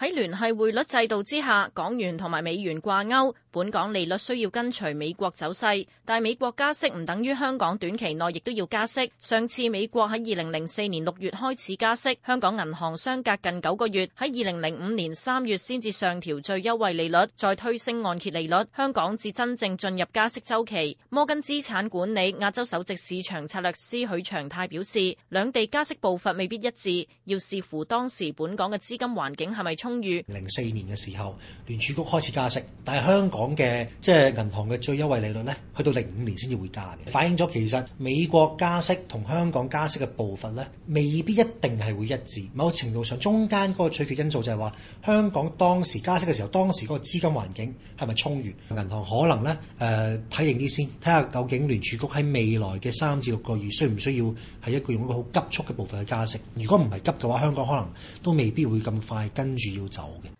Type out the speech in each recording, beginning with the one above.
喺聯繫匯率制度之下，港元同埋美元掛鈎，本港利率需要跟隨美國走勢。但美國加息唔等於香港短期內亦都要加息。上次美國喺二零零四年六月開始加息，香港銀行相隔近九個月，喺二零零五年三月先至上調最優惠利率，再推升按揭利率，香港至真正進入加息周期。摩根資產管理亞洲首席市場策略師許長泰表示，兩地加息步伐未必一致，要視乎當時本港嘅資金環境係咪充。零四年嘅時候，聯儲局開始加息，但係香港嘅即係銀行嘅最優惠利率呢，去到零五年先至會加嘅，反映咗其實美國加息同香港加息嘅步伐呢，未必一定係會一致。某個程度上，中間嗰個取決因素就係話，香港當時加息嘅時候，當時嗰個資金環境係咪充裕，銀行可能呢，誒睇定啲先，睇下究竟聯儲局喺未來嘅三至六個月需唔需要係一個用一個好急速嘅步伐去加息？如果唔係急嘅話，香港可能都未必會咁快跟住。要走嘅。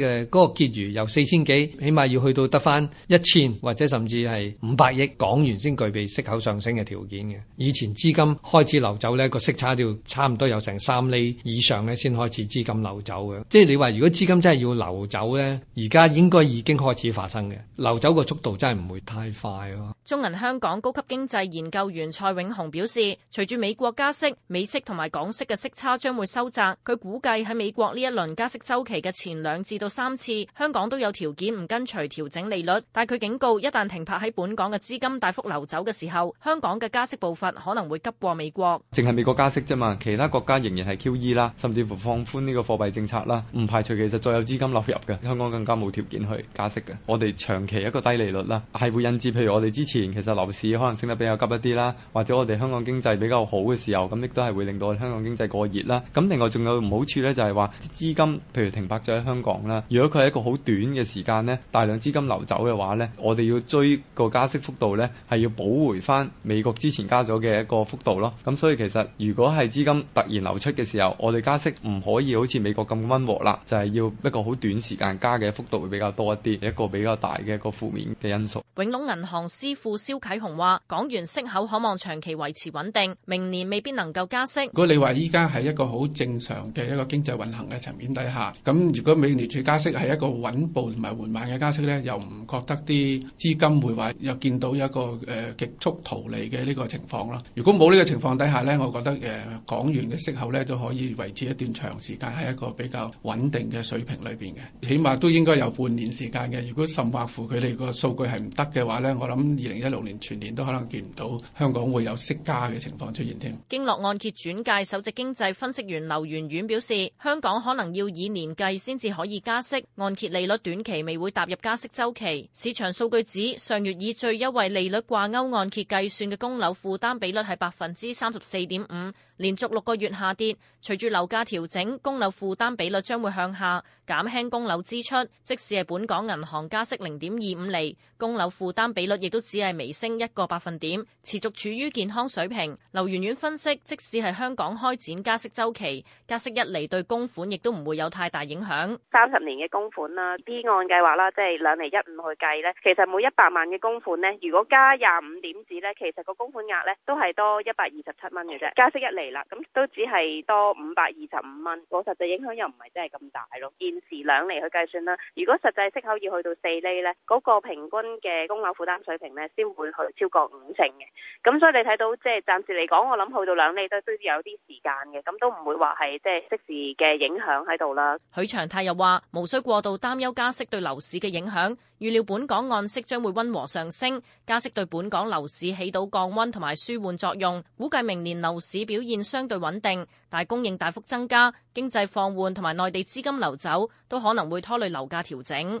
嘅嗰個結餘由四千幾，起碼要去到得翻一千，或者甚至係五百億港元先具備息口上升嘅條件嘅。以前資金開始流走呢個息差都要差唔多有成三厘以上呢先開始資金流走嘅。即係你話如果資金真係要流走呢而家應該已經開始發生嘅。流走個速度真係唔會太快。中銀香港高級經濟研究員蔡永雄表示，隨住美國加息，美息同埋港息嘅息差將會收窄。佢估計喺美國呢一輪加息週期嘅前兩至到三次香港都有條件唔跟隨調整利率，但佢警告，一旦停泊喺本港嘅資金大幅流走嘅時候，香港嘅加息步伐可能會急過美國。淨係美國加息啫嘛，其他國家仍然係 QE 啦，甚至乎放寬呢個貨幣政策啦，唔排除其實再有資金流入嘅。香港更加冇條件去加息嘅。我哋長期一個低利率啦，係會引致譬如我哋之前其實樓市可能升得比較急一啲啦，或者我哋香港經濟比較好嘅時候，咁亦都係會令到香港經濟過熱啦。咁另外仲有唔好處咧、就是，就係話啲資金譬如停泊咗喺香港啦。如果佢係一個好短嘅時間咧，大量資金流走嘅話咧，我哋要追個加息幅度咧，係要補回翻美國之前加咗嘅一個幅度咯。咁所以其實如果係資金突然流出嘅時候，我哋加息唔可以好似美國咁溫和啦，就係要一個好短時間加嘅幅度會比較多一啲，一個比較大嘅一個負面嘅因素。永隆銀行師傅蕭啟雄話：港元息口可望長期維持穩定，明年未必能夠加息。如果你話依家係一個好正常嘅一個經濟運行嘅層面底下，咁如果美年加息係一個穩步同埋緩慢嘅加息呢，又唔覺得啲資金會話又見到一個誒、呃、極速逃離嘅呢個情況咯。如果冇呢個情況底下呢，我覺得誒，港元嘅息口呢，都可以維持一段長時間喺一個比較穩定嘅水平裏邊嘅，起碼都應該有半年時間嘅。如果甚或乎佢哋個數據係唔得嘅話呢，我諗二零一六年全年都可能見唔到香港會有息加嘅情況出現添。經絡按揭轉介首席經濟分析員劉元遠表示，香港可能要以年計先至可以加。加息，按揭利率短期未會踏入加息周期。市場數據指，上月以最優惠利率掛鈎按揭計算嘅供樓負擔比率係百分之三十四點五，連續六個月下跌。隨住樓價調整，供樓負擔比率將會向下，減輕供樓支出。即使係本港銀行加息零點二五厘，供樓負擔比率亦都只係微升一個百分點，持續處於健康水平。劉圓圓分析，即使係香港開展加息周期，加息一厘對供款亦都唔會有太大影響。三十年。年嘅供款啦，B 按計劃啦，即係兩厘一五去計呢。其實每一百萬嘅供款呢，如果加廿五點子呢，其實個供款額呢都係多一百二十七蚊嘅啫。加息一厘啦，咁都只係多五百二十五蚊，個實際影響又唔係真係咁大咯。現時兩厘去計算啦，如果實際息口要去到四厘呢，嗰個平均嘅供樓負擔水平呢，先會去超過五成嘅。咁所以你睇到即係暫時嚟講，我諗去到兩厘都都有啲時間嘅，咁都唔會話係即係即時嘅影響喺度啦。許長泰又話。無需過度擔憂加息對樓市嘅影響，預料本港按息將會溫和上升，加息對本港樓市起到降温同埋舒緩作用。估計明年樓市表現相對穩定，但供應大幅增加，經濟放緩同埋內地資金流走，都可能會拖累樓價調整。